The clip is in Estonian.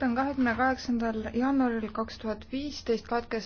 kahekümne kaheksandal jaanuaril kaks tuhat viisteist katkestas